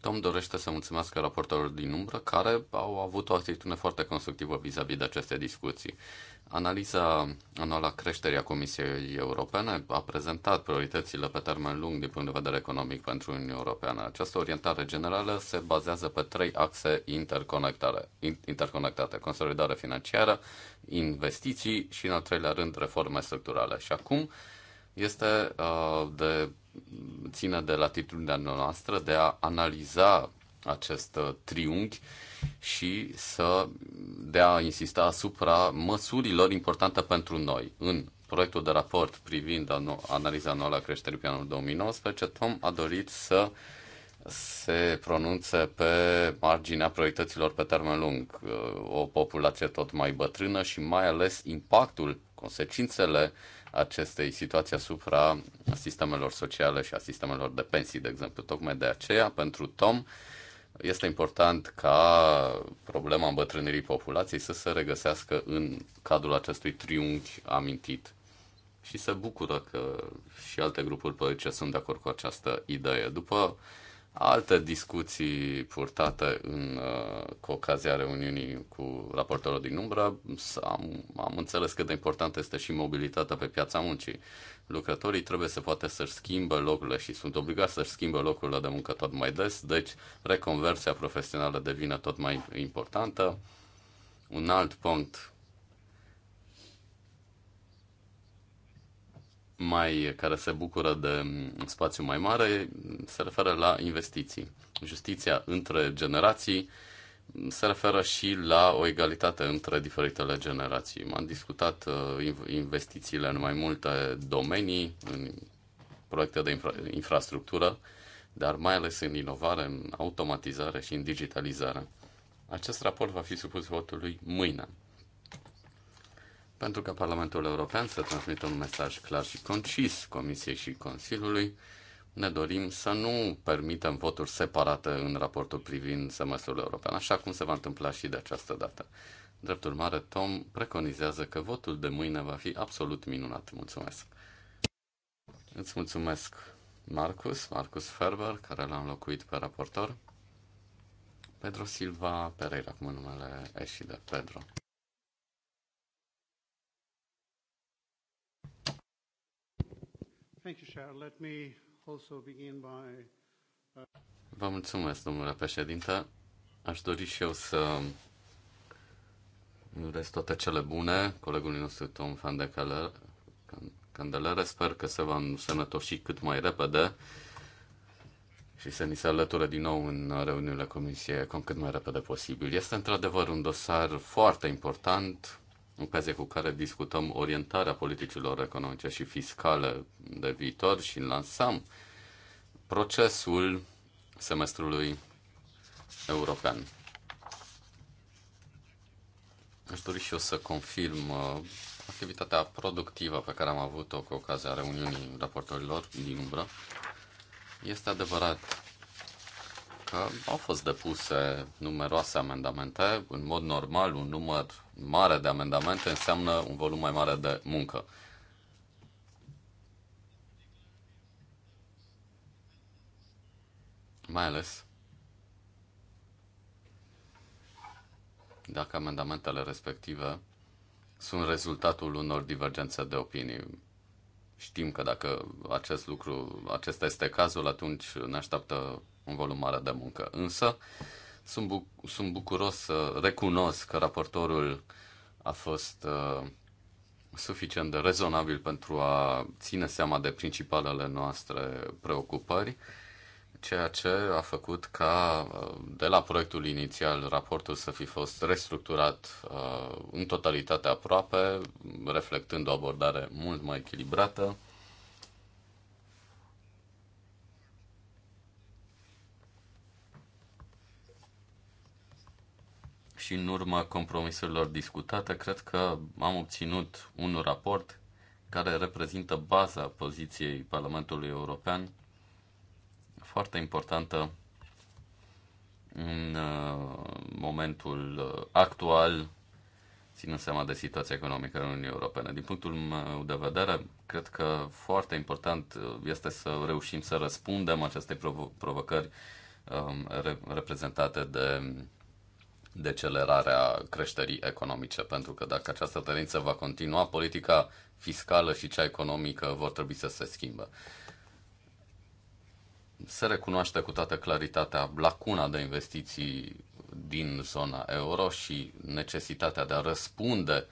S1: Tom dorește să mulțumesc raportorilor din umbră care au avut o atitudine foarte constructivă vis-a-vis -vis de aceste discuții. Analiza anuală a creșterii a Comisiei Europene a prezentat prioritățile pe termen lung din punct de vedere economic pentru Uniunea Europeană. Această orientare generală se bazează pe trei axe interconectare, interconectate, consolidare financiară, investiții și, în al treilea rând, reforme structurale. Și acum este uh, de ține de latitudinea noastră de a analiza acest uh, triunghi și să dea a insista asupra măsurilor importante pentru noi. În proiectul de raport privind analiza anuală a creșterii pe anul 2019, Tom a dorit să se pronunțe pe marginea proiectăților pe termen lung, uh, o populație tot mai bătrână și mai ales impactul, consecințele acestei situații asupra sistemelor sociale și a sistemelor de pensii, de exemplu. Tocmai de aceea, pentru Tom, este important ca problema îmbătrânirii populației să se regăsească în cadrul acestui triunghi amintit. Și se bucură că și alte grupuri politice sunt de acord cu această idee. După alte discuții purtată în, uh, cu ocazia reuniunii cu raportorul din umbră, am, am înțeles cât de importantă este și mobilitatea pe piața muncii. Lucrătorii trebuie să poată să-și schimbe locurile și sunt obligați să-și schimbe locurile de muncă tot mai des, deci reconversia profesională devine tot mai importantă. Un alt punct mai, care se bucură de spațiu mai mare se referă la investiții. Justiția între generații se referă și la o egalitate între diferitele generații. Am discutat uh, investițiile în mai multe domenii, în proiecte de infra- infrastructură, dar mai ales în inovare, în automatizare și în digitalizare. Acest raport va fi supus votului mâine pentru ca Parlamentul European să transmită un mesaj clar și concis Comisiei și Consiliului. Ne dorim să nu permitem voturi separate în raportul privind semestrul european, așa cum se va întâmpla și de această dată. Drept urmare, Tom preconizează că votul de mâine va fi absolut minunat. Mulțumesc! Îți mulțumesc, Marcus, Marcus Ferber, care l-a înlocuit pe raportor. Pedro Silva Pereira, cum numele de Pedro. Uh, Vă mulțumesc, domnule președinte. Aș dori și eu să urez toate cele bune colegului nostru Tom Van de Candelere. Sper că se va însănătoși cât mai repede și să ni se alăture din nou în reuniunile comisiei cum cât mai repede posibil. Este într-adevăr un dosar foarte important, ocazie cu care discutăm orientarea politicilor economice și fiscale de viitor și lansăm procesul semestrului european. Aș dori și eu să confirm uh, activitatea productivă pe care am avut-o cu ocazia reuniunii raportorilor din umbră. Este adevărat că au fost depuse numeroase amendamente. În mod normal, un număr mare de amendamente înseamnă un volum mai mare de muncă. Mai ales dacă amendamentele respective sunt rezultatul unor divergențe de opinii. Știm că dacă acest lucru, acesta este cazul, atunci ne așteaptă un volum mare de muncă. Însă sunt, bu- sunt bucuros să recunosc că raportorul a fost uh, suficient de rezonabil pentru a ține seama de principalele noastre preocupări, ceea ce a făcut ca uh, de la proiectul inițial raportul să fi fost restructurat uh, în totalitate aproape, reflectând o abordare mult mai echilibrată și în urma compromisurilor discutate, cred că am obținut un raport care reprezintă baza poziției Parlamentului European, foarte importantă în uh, momentul uh, actual, ținând seama de situația economică în Uniunea Europeană. Din punctul meu de vedere, cred că foarte important uh, este să reușim să răspundem acestei provo- provocări um, reprezentate de decelerarea creșterii economice, pentru că dacă această tendință va continua, politica fiscală și cea economică vor trebui să se schimbe. Se recunoaște cu toată claritatea lacuna de investiții din zona euro și necesitatea de a răspunde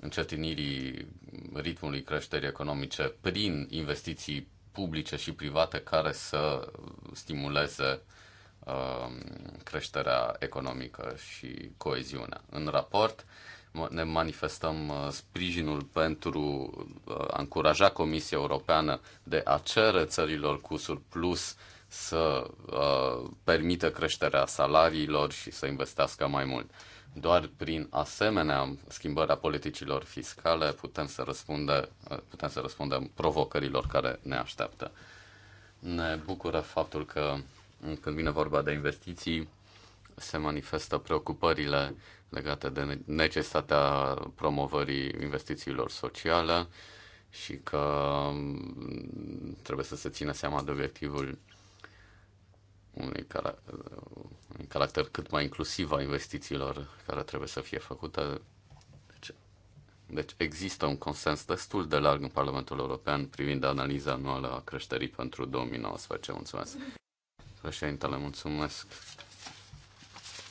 S1: încetinirii ritmului creșterii economice prin investiții publice și private care să stimuleze uh, Um, creșterea economică și coeziunea. În raport ne manifestăm uh, sprijinul pentru uh, a încuraja Comisia Europeană de a cere țărilor cu surplus să uh, permită creșterea salariilor și să investească mai mult. Doar prin asemenea schimbarea politicilor fiscale putem să, răspunde, uh, putem să răspundem provocărilor care ne așteaptă. Ne bucură faptul că când vine vorba de investiții, se manifestă preocupările legate de necesitatea promovării investițiilor sociale și că mm, trebuie să se țină seama de obiectivul unui car- un caracter cât mai inclusiv a investițiilor care trebuie să fie făcute. Deci, deci există un consens destul de larg în Parlamentul European privind analiza anuală a creșterii pentru 2019. Mulțumesc! Președintele, mulțumesc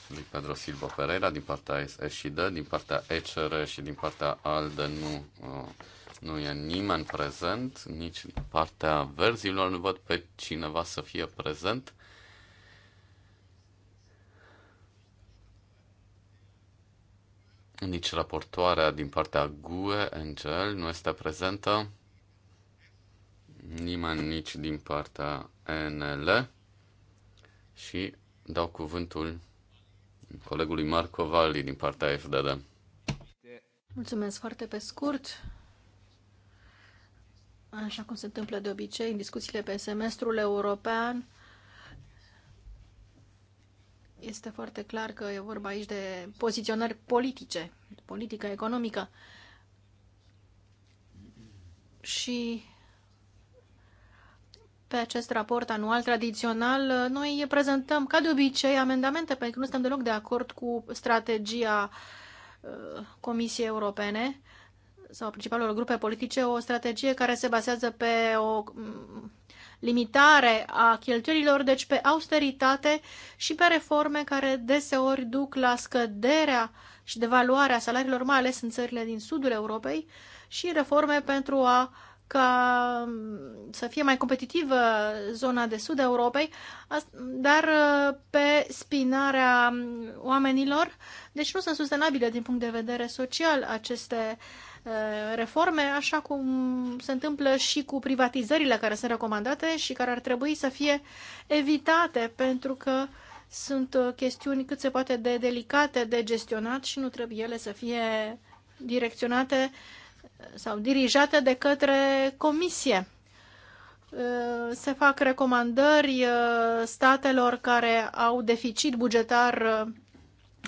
S1: lui Pedro Silva Pereira din partea SID, din partea ECR și din partea ALDE nu, uh, nu e nimeni prezent, nici partea verzilor nu văd pe cineva să fie prezent. Nici raportoarea din partea GUE, NGL, nu este prezentă. Nimeni nici din partea NL și dau cuvântul colegului Marco Valli din partea FDD.
S2: Mulțumesc foarte pe scurt. Așa cum se întâmplă de obicei în discuțiile pe semestrul european, este foarte clar că e vorba aici de poziționări politice, politică economică. Și pe acest raport anual tradițional, noi prezentăm, ca de obicei, amendamente, pentru că nu suntem deloc de acord cu strategia uh, Comisiei Europene sau principalelor grupe politice, o strategie care se bazează pe o limitare a cheltuielilor, deci pe austeritate și pe reforme care deseori duc la scăderea și devaluarea salariilor, mai ales în țările din sudul Europei, și reforme pentru a uh, ca mm, să fie mai competitivă zona de sud a Europei, dar uh, pe spinarea mm, oamenilor. Deci nu sunt sustenabile din punct de vedere social aceste uh, reforme, așa cum se întâmplă și cu privatizările care sunt recomandate și care ar trebui să fie evitate, pentru că sunt uh, chestiuni cât se poate de delicate de gestionat și nu trebuie ele să fie direcționate uh, sau dirijate de către comisie. Uh, se fac recomandări uh, statelor care au deficit bugetar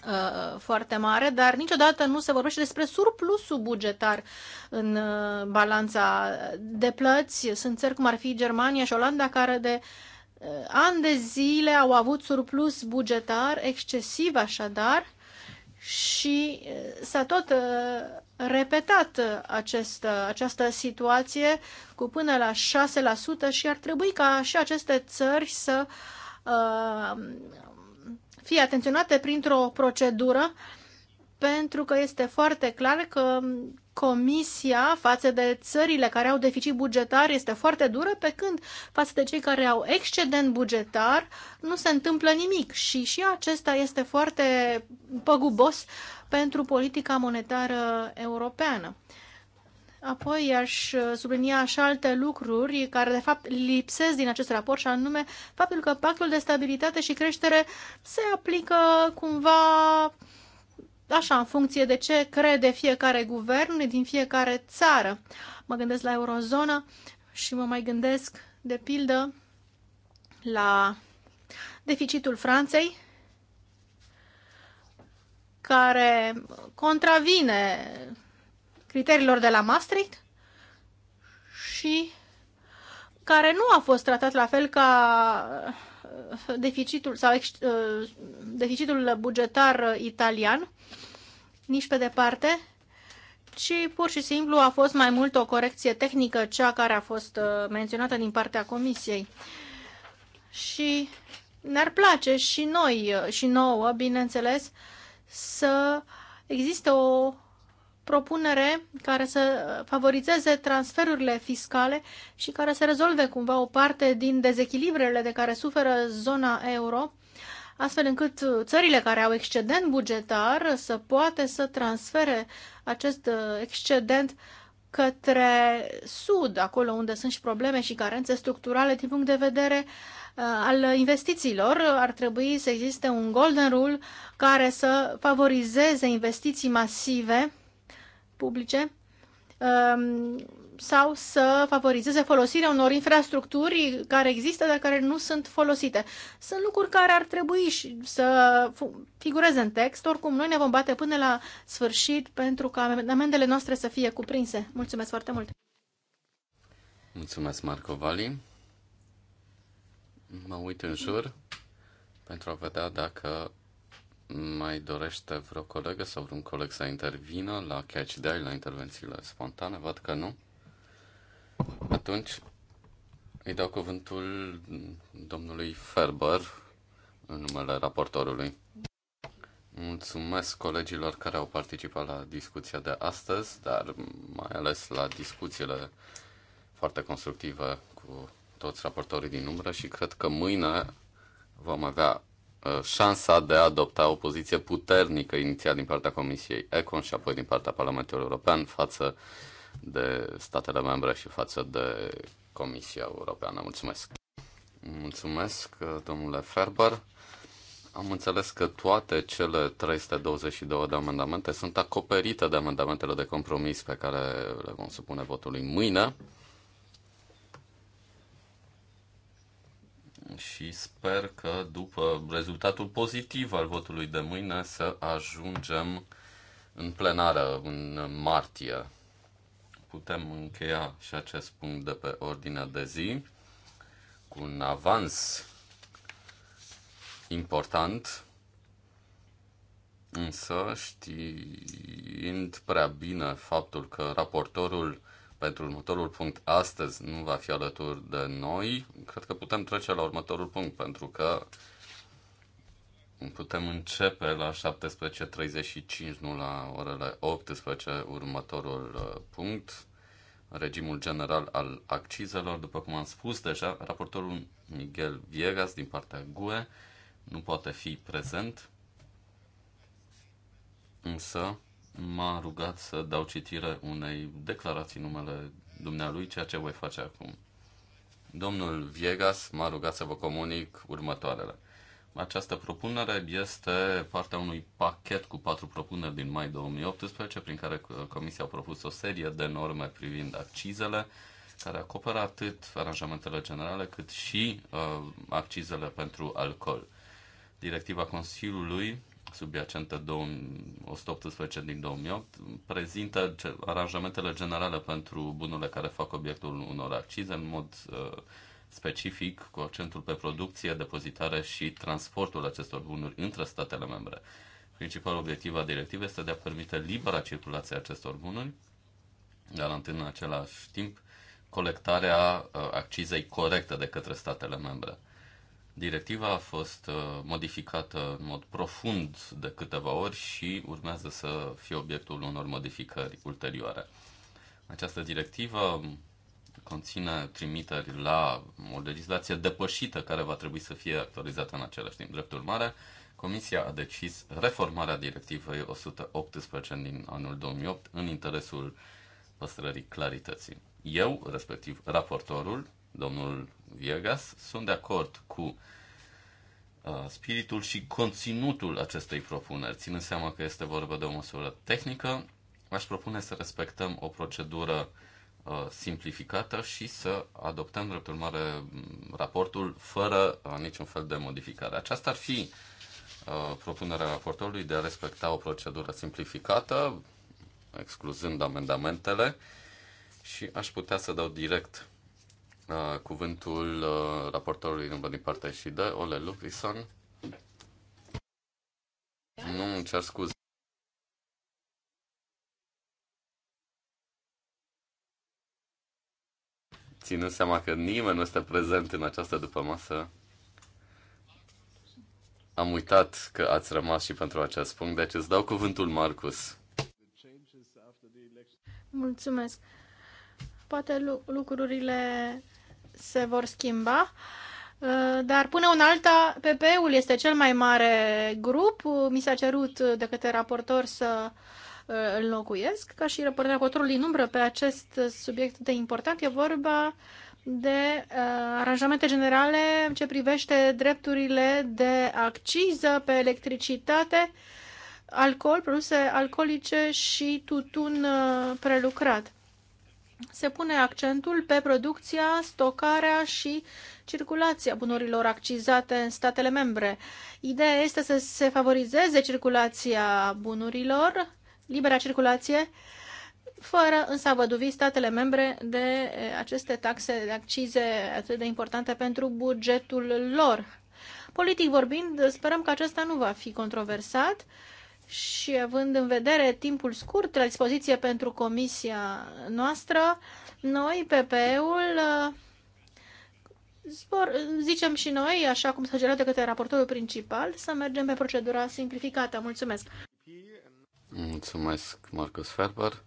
S2: uh, foarte mare, dar niciodată nu se vorbește despre surplusul bugetar în balanța de plăți. Sunt țări cum ar fi Germania și Olanda care de ani de zile au avut surplus bugetar excesiv așadar și s-a tot repetat uh, acest, această situație cu până la 6% și ar trebui ca și aceste țări să uh, fie atenționate printr-o procedură pentru că este foarte clar că Comisia față de țările care au deficit bugetar este foarte dură, pe când față de cei care au excedent bugetar nu se întâmplă nimic și și acesta este foarte păgubos uh, pentru politica monetară europeană. Apoi aș sublinia și alte lucruri care de fapt lipsesc din acest raport și anume faptul că pactul de stabilitate și creștere se aplică cumva așa în funcție de ce crede fiecare guvern din fiecare țară. Mă gândesc la eurozonă și mă mai gândesc de pildă la deficitul Franței care contravine criteriilor de la Maastricht și care nu a fost tratat la fel ca uh, deficitul sau uh, deficitul bugetar italian, nici pe departe, ci pur și simplu a fost mai mult o corecție tehnică, cea care a fost uh, menționată din partea Comisiei. Și ne-ar place și noi, și nouă, bineînțeles, uh, să existe o propunere care să favorizeze transferurile fiscale și care să rezolve cumva o parte din dezechilibrele de care suferă zona euro, astfel încât țările care au excedent bugetar să poate să transfere acest uh, excedent către sud, acolo unde sunt și probleme și carențe structurale din punct de vedere uh, Uh, al investițiilor ar trebui să existe un golden rule care să favorizeze investiții masive publice um, sau să favorizeze folosirea unor infrastructuri care există, dar care nu sunt folosite. Sunt lucruri care ar trebui să figureze în text. Oricum, noi ne vom bate până la sfârșit pentru ca amendele noastre să fie cuprinse. Mulțumesc foarte mult!
S1: Mulțumesc, Marco Vali! Mă uit în jur pentru a vedea dacă mai dorește vreo colegă sau vreun coleg să intervină la catch day, la intervențiile spontane. Văd că nu. Atunci îi dau cuvântul domnului Ferber în numele raportorului. Mulțumesc colegilor care au participat la discuția de astăzi, dar mai ales la discuțiile foarte constructive cu toți raportorii din umbră și cred că mâine vom avea uh, șansa de a adopta o poziție puternică inițial din partea Comisiei Econ și apoi din partea Parlamentului European față de statele membre și față de Comisia Europeană. Mulțumesc! Mulțumesc, uh, domnule Ferber. Am înțeles că toate cele 322 de amendamente sunt acoperite de amendamentele de compromis pe care le vom supune votului mâine. și sper că după rezultatul pozitiv al votului de mâine să ajungem în plenară în martie. Putem încheia și acest punct de pe ordinea de zi cu un avans important, însă știind prea bine faptul că raportorul pentru următorul punct astăzi nu va fi alături de noi, cred că putem trece la următorul punct, pentru că putem începe la 17.35, nu la orele 18, următorul uh, punct, regimul general al accizelor. După cum am spus deja, raportorul Miguel Viegas din partea GUE nu poate fi prezent, însă m-a rugat să dau citire unei declarații numele dumnealui, ceea ce voi face acum. Domnul Viegas m-a rugat să vă comunic următoarele. Această propunere este partea unui pachet cu patru propuneri din mai 2018, prin care uh, Comisia a propus o serie de norme privind accizele, care acoperă atât aranjamentele generale, cât și uh, accizele pentru alcool. Directiva Consiliului subjacentă 118 din 2008 prezintă aranjamentele generale pentru bunurile care fac obiectul unor accize în mod uh, specific cu accentul pe producție, depozitare și transportul acestor bunuri între statele membre. Principalul obiectiv al directivei este de a permite libera circulație a acestor bunuri, garantând în același timp colectarea uh, accizei corectă de către statele membre. Directiva a fost uh, modificată în mod profund de câteva ori și urmează să fie obiectul unor modificări ulterioare. Această directivă conține trimiteri la o legislație depășită care va trebui să fie actualizată în același timp. Drept urmare, Comisia a decis reformarea directivei 118 din anul 2008 în interesul păstrării clarității. Eu, respectiv raportorul, domnul Viegas. Sunt de acord cu uh, spiritul și conținutul acestei propuneri. Ținând seama că este vorba de o măsură tehnică, aș propune să respectăm o procedură uh, simplificată și să adoptăm, drept urmare, raportul fără uh, niciun fel de modificare. Aceasta ar fi propunerea raportorului de a respecta o procedură simplificată, excluzând amendamentele, și aș putea să dau direct Uh, cuvântul uh, raportorului din partea și de Ole Lucrison. Nu, îmi cer scuze. Ținând seama că nimeni nu este prezent în această după masă, am uitat că ați rămas și pentru acest punct, deci îți dau cuvântul, Marcus.
S2: Mulțumesc. Poate lucrurile se vor schimba. Uh, dar până un alta, PP-ul este cel mai mare grup. Uh, mi s-a cerut de către raportor să uh, îl locuiesc, ca și raportorul din umbră pe acest subiect de important. E vorba de uh, aranjamente generale ce privește drepturile de acciză pe electricitate, alcool, produse alcoolice și tutun uh, prelucrat se pune accentul pe producția, stocarea și circulația bunurilor accizate în statele membre. Ideea este să se favorizeze circulația bunurilor, libera circulație, fără însă a văduvi statele membre de aceste taxe de accize atât de importante pentru bugetul lor. Politic vorbind, sperăm că acesta nu va fi controversat și având în vedere timpul scurt la dispoziție pentru comisia noastră, noi, PP-ul, Spor, zicem și noi, așa cum s-a gerat de către raportorul principal, să mergem pe procedura simplificată. Mulțumesc!
S1: Mulțumesc, Marcus Ferber,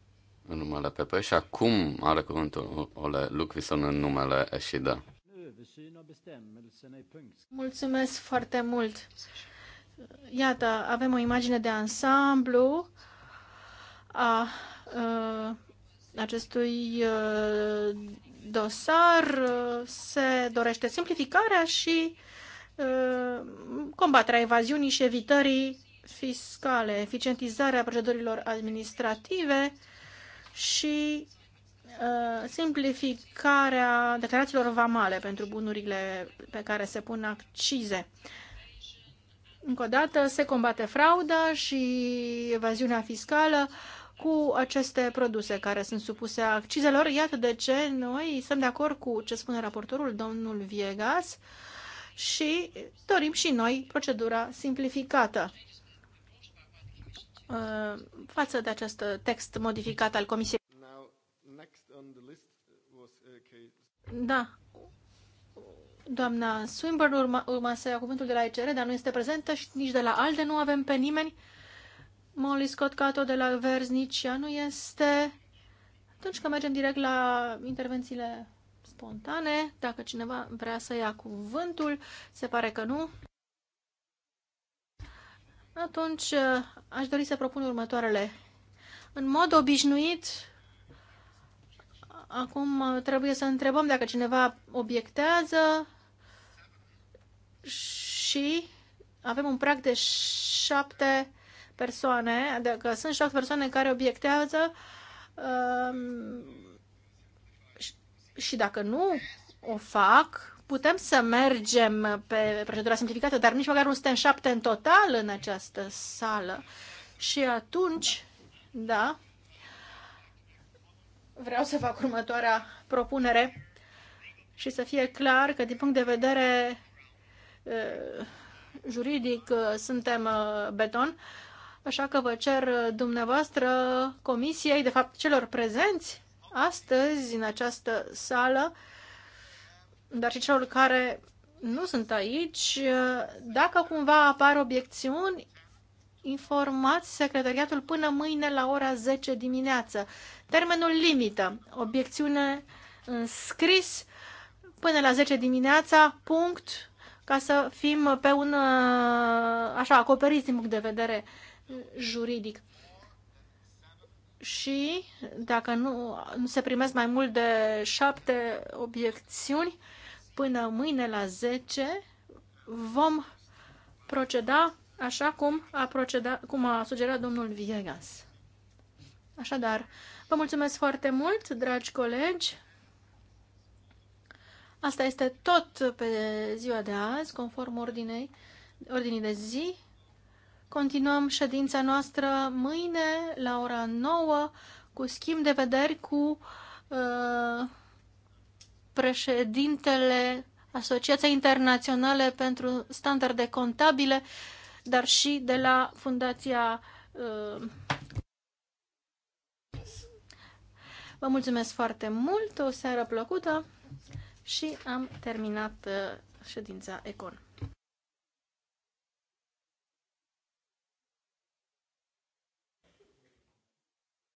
S1: în numele PP și acum are cuvântul Ole Lucvison în numele Eșida.
S2: Mulțumesc foarte mult! Iată, avem o imagine de ansamblu a ă, acestui ă, dosar. Se dorește simplificarea și ă, combaterea evaziunii și evitării fiscale, eficientizarea procedurilor administrative și simplificarea declarațiilor vamale pentru bunurile pe care se pun accize. Uh, încă o dată, se combate frauda și evaziunea fiscală cu aceste produse care sunt supuse accizelor. Iată de ce noi suntem de acord cu ce spune raportorul, domnul Viegas, și dorim și noi procedura simplificată uh, față de acest text modificat al Comisiei.
S3: Uh, da,
S2: Doamna Swinburne urma, urma să ia cuvântul de la ECR, dar nu este prezentă și nici de la ALDE nu avem pe nimeni. Molly Scott Cato de la Vers nici ea nu este. Atunci că mergem direct la intervențiile spontane, dacă cineva vrea să ia cuvântul, se pare că nu. Atunci aș dori să propun următoarele. În mod obișnuit, Acum uh, trebuie să întrebăm dacă cineva obiectează și avem un prag de șapte persoane, dacă sunt șapte persoane care obiectează um, și dacă nu o fac, putem să mergem pe procedura simplificată, dar nici măcar nu suntem șapte în total în această sală. Și atunci, da, vreau să fac următoarea propunere și să fie clar că din punct de vedere uh, juridic uh, suntem uh, beton, așa că vă cer dumneavoastră comisiei, de fapt celor prezenți astăzi în această sală, dar și celor care nu sunt aici, dacă cumva apar obiecțiuni, informați secretariatul până mâine la ora 10 dimineață. Termenul limită, obiecțiune în scris până la 10 dimineața, punct, ca să fim pe un, uh, așa, acoperiți din punct de vedere juridic. Și dacă nu, nu se primesc mai mult de șapte obiecțiuni, până mâine la 10 vom proceda așa cum a, procedat, cum a sugerat domnul Viegas. Așadar, vă mulțumesc foarte mult, dragi colegi. Asta este tot pe ziua de azi, conform ordinei, ordinii de zi. Continuăm ședința noastră mâine la ora 9 cu schimb de vederi cu uh, președintele Asociației Internaționale pentru Standarde Contabile, dar și de la Fundația. Uh, Vă mulțumesc foarte mult, o seară plăcută și am terminat uh, ședința Econ.